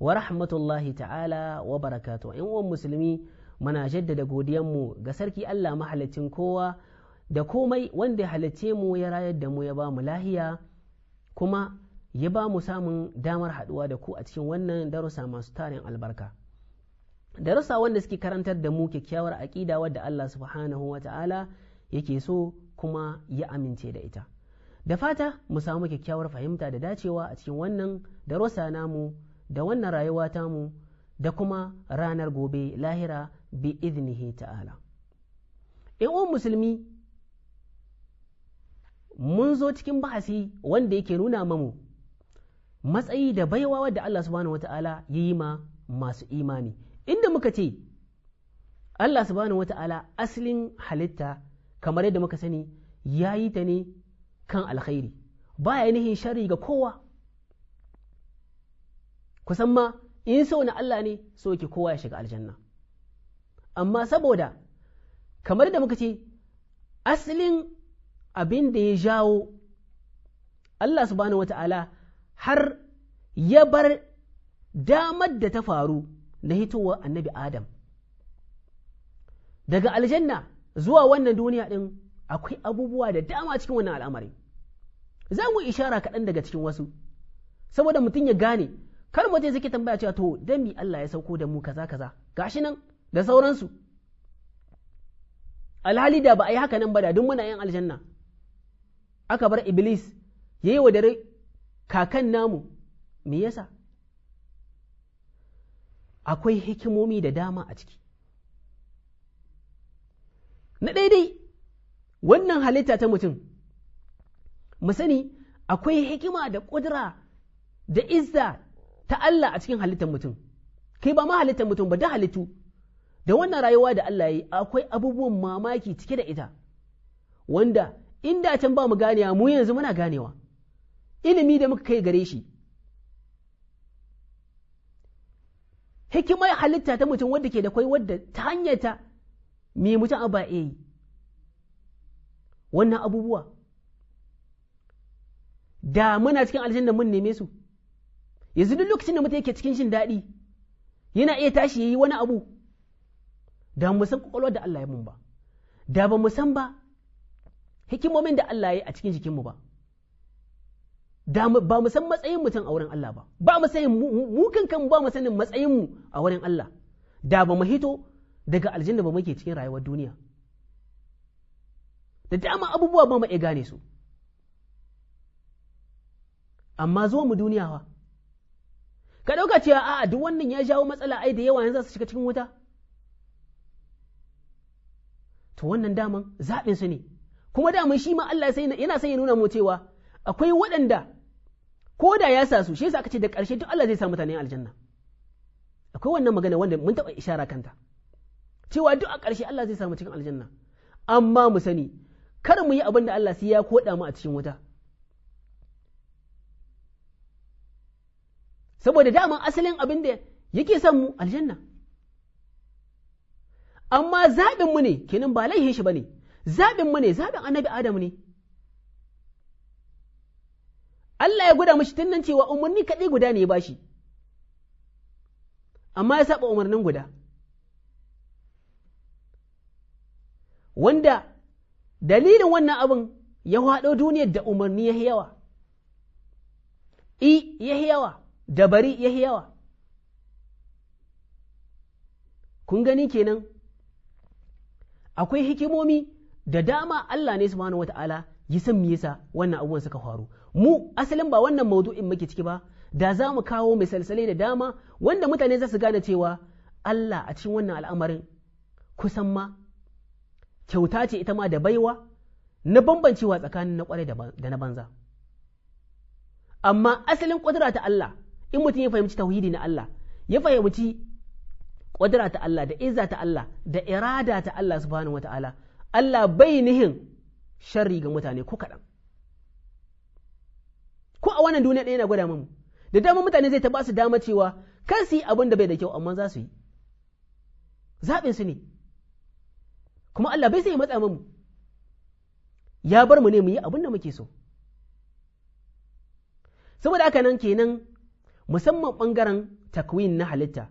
wa rahmatullahi ta'ala wa barakatu in uwan musulmi muna jaddada mu ga sarki Allah mahalicin kowa da komai wanda ya halicce mu ya rayar da mu ya ba mu lahiya kuma ya ba mu samun damar haduwa da ku a cikin wannan darussa masu tarin albarka darussa wanda suke karantar da mu kyakkyawar aƙida wadda Allah subhanahu wa ta'ala yake so kuma ya amince da ita da fata mu samu kyakkyawar fahimta da dacewa a cikin wannan darussa namu da wannan rayuwa tamu da kuma ranar gobe lahira bi iznihi ta'ala in uwan musulmi mun zo cikin bahasi wanda yake nuna mamu matsayi da baiwa wadda Allah subhanahu wata'ala ya yi ma masu imani inda muka ce Allah subhanahu wata'ala asalin halitta kamar yadda muka sani ya yi ta ne kan alkhairi ba ya nihin shari ga kowa kusan ma in so na Allah ne so yake kowa ya shiga aljanna amma saboda kamar da muka ce asalin abin da ya jawo Allah subhanahu wata'ala har ya bar damar da ta faru na hitowar annabi Adam daga aljanna zuwa wannan duniya ɗin akwai abubuwa da dama cikin wannan al'amari za mu ishara kaɗan daga cikin wasu saboda mutum ya gane kar mutum zai tambaya cewa to dan mi Allah ya sauko da mu kaza kaza gashi nan da sauransu alhali da ba a yi haka nan ba da duk muna yin aljanna aka bar iblis yayi wa dare kakan namu me yasa akwai hikimomi da dama a ciki na daidai wannan halitta ta mutum mu sani akwai hikima da ƙudura da izza ta Allah a cikin halittar mutum kai ba ma halittar mutum ba da halittu da wannan rayuwa da Allah yi akwai abubuwan mamaki cike da ita wanda inda can ba mu ganewa mu yanzu muna ganewa ilimi da muka kai gare shi hikimai halitta ta mutum wadda ke da kwai wadda ta hanyarta me mutum ba yi wannan abubuwa da muna cikin aljanna mun neme su yanzu duk lokacin da mutum yake cikin jin daɗi yana iya tashi ya yi wani abu da mu san kwakwalwar da Allah ya mun ba da ba mu san ba hikimomin da Allah ya a cikin jikinmu ba da ba mu san matsayin mutum a wurin Allah ba ba mu sanin mu kan ba mu sanin matsayin mu a wurin Allah da ba mu hito daga aljanna ba muke cikin rayuwar duniya da dama abubuwa ba mu iya gane su amma zuwa mu duniya ka dauka cewa a'a duk wannan ya jawo matsala ai da yawa yanzu su shiga cikin wuta to wannan daman zaɓin su ne kuma daman shi ma Allah yana son ya nuna mu cewa akwai waɗanda ko da ya sa su shi yasa aka ce da ƙarshe duk Allah zai sa mutane aljanna akwai wannan magana wanda mun taɓa ishara kanta cewa duk a ƙarshe Allah zai samu cikin aljanna amma mu sani kar mu yi abin da Allah sai ya koɗa mu a cikin wuta saboda daman asalin abin da yake son mu aljanna amma zaɓin mu ne kenan ba laihin shi bane zaɓin mu ne zaɓin annabi adam ne Allah ya guda mashi tun nan cewa umarni kaɗai guda ne ya bashi amma ya saba umarnin guda wanda dalilin wannan abin ya haɗo duniyar da umarni ya yawa i ya yawa da bari ya yawa kun gani kenan akwai hikimomi da dama Allah ne subhanahu wata'ala yi san yasa wannan abubuwan suka faru mu asalin ba wannan maudu'in muke ciki ba da za mu kawo misalsalai da dama wanda mutane za su gane cewa Allah a cikin wannan al'amarin kusan ma kyauta ce ita ma da baiwa na bambancewa tsakanin na kwarai da na banza amma asalin kudura ta Allah in mutum ya fahimci tauhidi na Allah ya fahimci ƙudura ta Allah da izza ta Allah da irada ta Allah subhanahu ta'ala. Allah bai nihin sharri ga mutane ko kaɗan ko a wannan duniya ɗaya na gwada mamu da dama mutane zai ta ba su dama cewa kan su yi abin da bai da kyau amma za su yi zaɓin su ne kuma Allah bai sai matsa mamu ya bar mu ne mu yi abin da muke so saboda haka nan kenan musamman ɓangaren takwin na halitta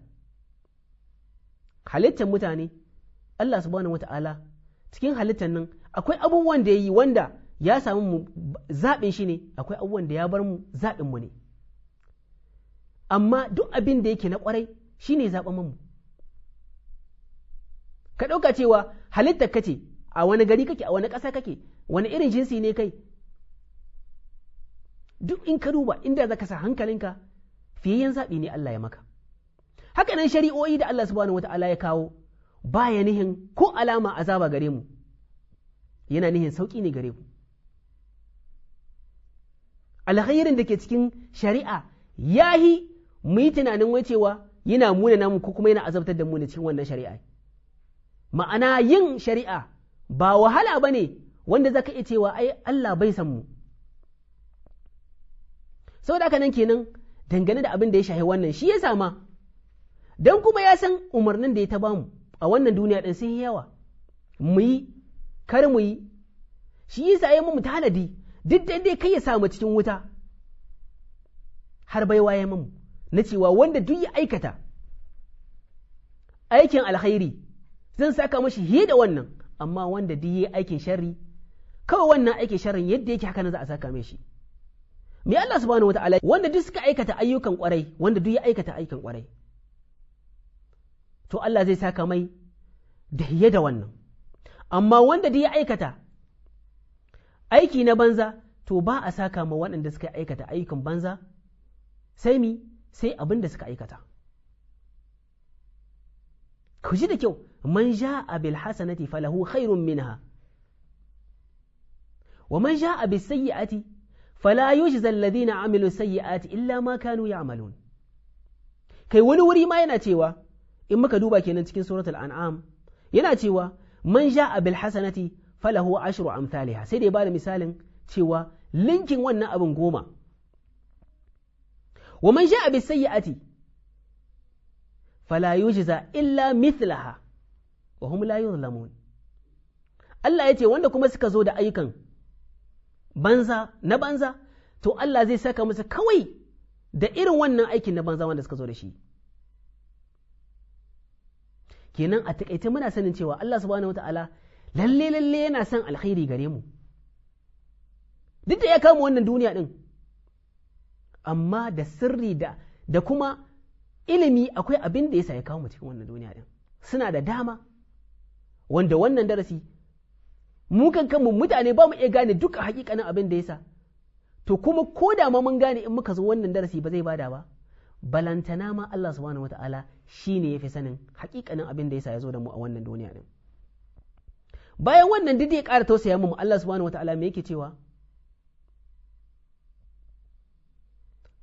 halittar mutane Allah subhanahu ta'ala cikin halittar nan akwai abubuwan da ya yi wanda ya samu mu zaɓin shi ne akwai abubuwan da ya bar mu zaɓin mu ne amma duk abin da yake na kwarai shine ne mu ka ɗauka cewa halittar kace a wani gari kake a wani ƙasa kake wani irin jinsi ne kai duk in ka duba inda za ka sa hankalinka fiyayyen zaɓi ne Allah ya maka haka nan shari'o'i da Allah subhanahu ta'ala ya kawo ba ya nihin ko alama azaba gare mu yana nihin sauƙi ne gare mu alkhairin da ke cikin shari'a ya yi mu yi tunanin wacewa yana muna namu ko kuma yana azabtar da mu ne cikin wannan shari'a ma'ana yin shari'a ba wahala ba ne wanda za ka iya cewa ai Allah bai san mu saboda haka nan kenan dangane da abin da ya shahi wannan shi ya sama don kuma ya san umarnin da ya ta bamu a wannan duniya ɗin sun yawa mu yi kar mu yi shi yasa ya mu tanadi duk da dai kai ya samu cikin wuta har baiwa ya mamu na cewa wanda duk ya aikata aikin alkhairi zan saka mashi hiye da wannan amma wanda duk ya aikin sharri kawai wannan aikin sharrin yadda yake haka na za a saka mai shi me Allah subhanahu wata'ala wanda duk suka aikata ayyukan kwarai wanda duk ya aikata ayyukan kwarai to Allah zai saka mai da hiye da wannan amma wanda duk ya aikata aiki na banza to ba a saka ma waɗanda suka aikata ayyukan banza sai mi sai abin da suka aikata ku ji da kyau man ja'a hasanati falahu khairun minha wa man ja'a bis sayyi'ati fala yujza alladhina amilu sayyi'ati illa ma kanu ya'malun kai wani wuri ma yana cewa in muka duba kenan cikin suratul an'am yana cewa man ja'a bil hasanati falahu ashru amthaliha sai dai bada misalin cewa linkin wannan abin goma wa man ja'a bis sayyi'ati fala yujza illa mithlaha wa hum la Allah ya ce wanda kuma suka zo da ayyukan banza na banza to Allah zai saka musu kawai da irin wannan aikin na banza wanda suka zo da shi kenan a takaice muna sanin cewa Allah subhanahu wata'ala lalle lalle yana son alkhairi gare mu duk da ya kama wannan duniya din amma da sirri da da kuma ilimi akwai abin da yasa ya kawo mu cikin wannan duniya din suna da dama wanda wannan darasi mu kan kanmu mutane ba mu iya gane duka hakikanin abin da yasa to kuma ko da ma mun gane in muka zo wannan darasi ba zai bada ba balantana ma Allah subhanahu wataala shine yafi sanin hakikanin abin da yasa ya zo da mu a wannan duniya din bayan wannan duk ya ƙara tausaya mu Allah subhanahu wataala me yake cewa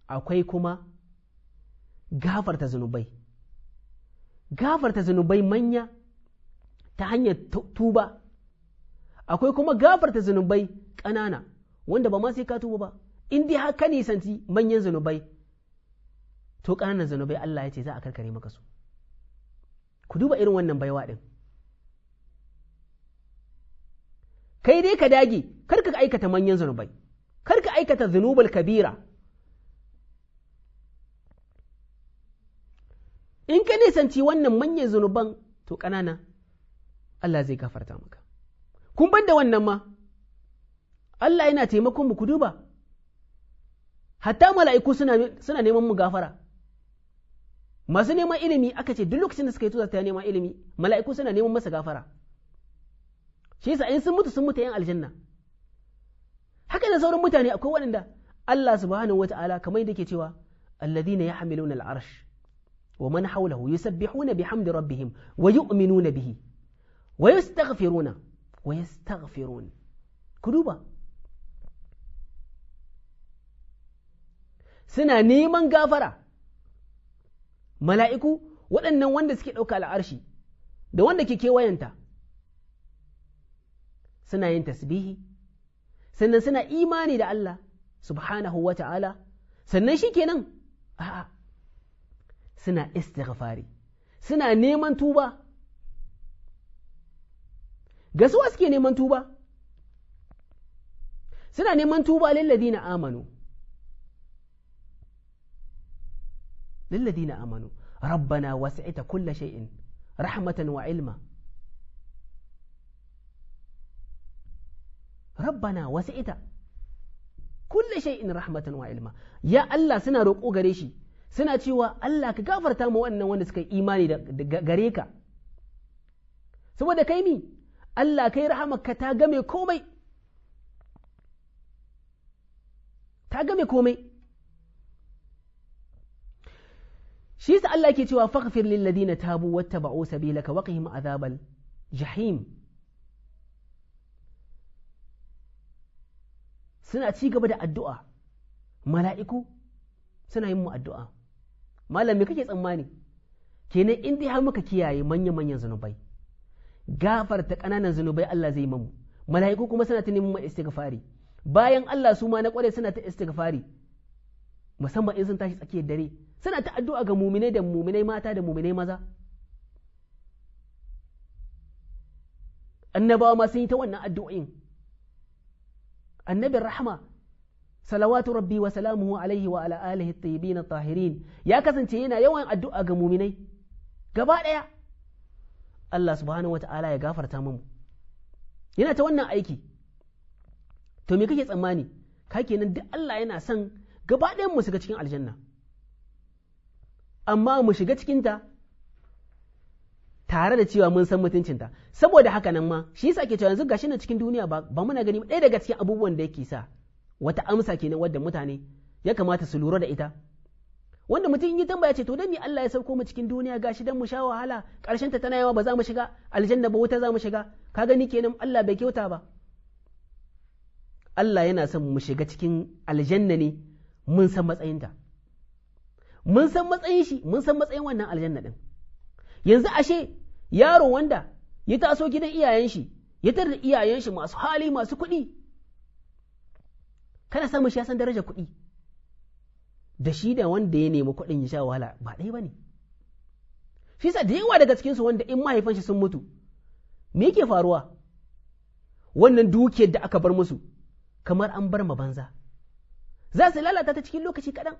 akwai kuma gafarta zunubai gafarta zunubai manya ta hanyar tuba akwai kuma gafarta zunubai ƙanana wanda ba ma sai ka tuba ba in dai har ka nisanci manyan zunubai to ƙananan zunubai Allah ya ce za a karkare maka su ku duba irin wannan baiwa ɗin kai dai ka dage kar ka aikata manyan zunubai kar ka aikata zunubal kabira in ka nisanci wannan manyan zunuban to ƙanana Allah zai gafarta maka kun ban da wannan ma Allah yana taimakon mu ku duba hatta mala'iku suna neman mu gafara masu neman ilimi aka ce duk lokacin da suka yi tuza ta neman ilimi mala'iku suna neman masa gafara shi yasa in sun mutu sun mutu yan aljanna haka da sauran mutane akwai waɗanda Allah subhanahu wata'ala kamar yadda ke cewa alladhina yahmiluna arsh wa man hawlahu yusabbihuna bihamdi rabbihim wa yu'minuna bihi wa yastaghfiruna wa yastaghfirun ku duba suna neman gafara mala'iku waɗannan wanda suke ɗauka al'arshi da wanda ke kewayenta suna yin tasbihi sannan suna imani da Allah subhanahu wa ta'ala sannan shi kenan a'a suna istighfari suna neman tuba ga suwa suke neman tuba suna neman tuba lilladina amanu lilladina amanu rabbana wasi'ta kulla shay'in rahmatan wa ilma rabbana wasi'ta kulla shay'in rahmatan wa ilma ya Allah suna roƙo gare shi suna cewa Allah ka gafarta mu wannan wanda suka imani da gare ka saboda kai mi Allah kai rahamarka ta game komai ta game komai shi sa Allah ke cewa faghfir lil ladina tabu wattaba'u sabilaka waqihim azabal jahim suna ci gaba da addu'a mala'iku suna yin mu addu'a malam me kake tsammani kenan in dai har muka kiyaye manya-manyan zanubai gafarta ƙananan zunubai Allah zai mamu mala'iku kuma suna ta neman mu istighfari bayan Allah su ma na kware suna ta istighfari musamman in sun tashi tsakiyar dare suna ta addu'a ga muminai da muminai mata da muminai maza annabawa ma sun yi ta wannan addu'o'in annabin rahama salawatu rabbi wa salamuhu alaihi wa ala alihi tayyibin tahirin ya kasance yana yawan addu'a ga muminai gaba ɗaya Allah subhanahu ta’ala ya gafarta mamu yana ta wannan aiki to me kake tsammani ka kenan duk Allah yana son gaba ɗayan mu shiga cikin aljanna amma mu shiga cikinta tare da cewa mun san mutuncinta saboda haka nan ma shi yasa ke cewa yanzu gashi na cikin duniya ba ba muna gani ɗaya daga cikin abubuwan da yake sa wata amsa kenan wadda mutane ya kamata su lura da ita wanda mutum ya yi tambaya ce to dan me Allah ya sauko mu cikin duniya gashi dan mu sha wahala karshen ta tana yawa ba za mu shiga aljanna ba wuta za mu shiga ka gani kenan Allah bai kyauta ba Allah yana son mu shiga cikin aljanna ne mun san matsayinta mun san matsayin shi mun san matsayin wannan aljanna din yanzu ashe yaro wanda ya taso gidan iyayen shi ya tarda iyayen shi masu hali masu kuɗi kana samun shi ya san darajar kuɗi da shi da wanda ya nemi kuɗin ya sha wahala ba ɗaya ba ne shi da yawa daga cikinsu wanda in mahaifanshi sun mutu me yake faruwa wannan dukiyar da aka bar musu kamar an bar ma banza za su lalata ta cikin lokaci kaɗan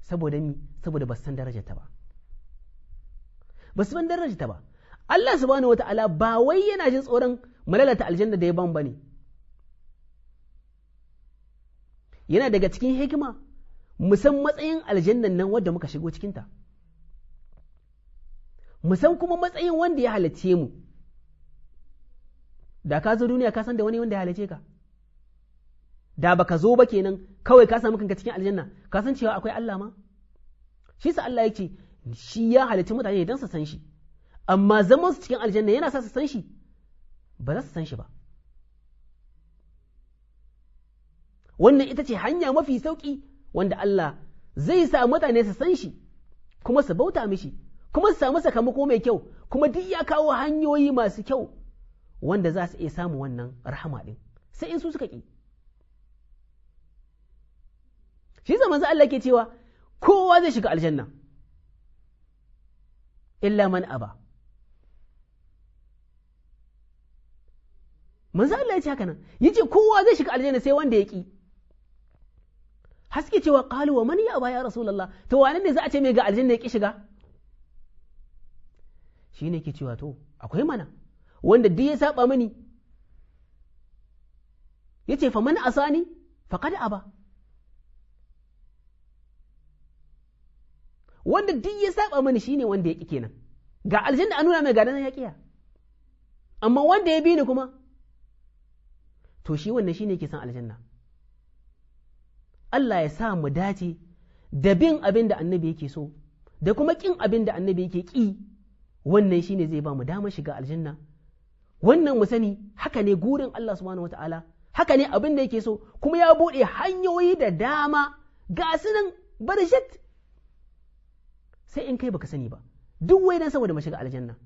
saboda ni saboda ba san daraja ta ba ba su ban ta ba Allah subhanahu wata'ala ba wai yana jin tsoron mu lalata aljanna da ya ban ba ne. yana daga cikin hikima musan matsayin aljannan nan wadda muka shigo cikinta musan kuma matsayin wanda ya halicce mu da ka zo duniya ka san da wani wanda ya halicce ka da baka zo ba kenan kawai ka samu kanka cikin aljanna ka san cewa akwai Allah ma shi sa Allah yake shi ya halicci mutane idan su san shi amma zaman su cikin aljanna yana sa su san shi ba za su san shi ba wannan ita ce hanya mafi sauƙi wanda Allah zai sa mutane su san shi kuma su bauta mishi kuma su samu sakamako mai kyau kuma duk ya kawo hanyoyi masu kyau wanda za su iya samu wannan rahama ɗin sai in su suka ƙi shi zaman Allah ke cewa kowa zai shiga aljanna illa man aba manzo Allah ya ce haka nan yace kowa zai shiga aljanna sai wanda ya ki haske cewa qalu wa mani ya ba ya lalla ta wani ne za a ce mai ga aljanna ya ki shiga shi ne ke cewa to akwai mana wanda duk ya saba mani ya ce fa fa asani a ba wanda duk ya saba mani shi ne wanda ya ki kenan ga aljanna an nuna mai ga nan ya ƙiya amma wanda ya bi ni kuma to shi wannan ne ke san aljanna Allah ya sa mu dace da bin abin da annabi yake so da kuma kin abin da annabi yake ƙi wannan shine zai ba mu damar shiga aljanna wannan mu sani haka ne gurin Allah subhanahu wata'ala haka ne abin da yake so kuma ya buɗe hanyoyi da dama ga su nan barjet sai in kai baka sani ba duk wai dan saboda mu shiga aljanna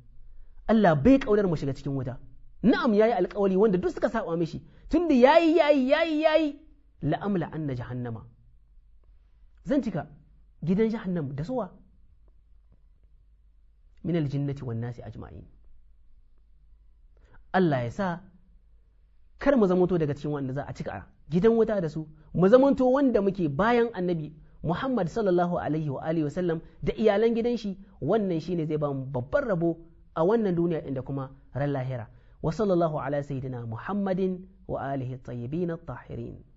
Allah bai kaunar mu shiga cikin wuta na'am yayi alƙawari wanda duk suka saba mishi tunda yayi yayi yayi yayi la'amla na jahannama zan cika gidan jahannam da suwa min aljinnati wan nasi ajma'in Allah ya sa kar mu zamanto daga cikin wanda za a cika gidan wuta da su mu zamanto wanda muke bayan annabi Muhammad sallallahu alaihi wa alihi wasallam da iyalan gidan shi wannan shine zai ba mu babban rabo a wannan duniya inda kuma ran lahira wa sallallahu ala sayyidina Muhammadin wa alihi tayyibin at-tahirin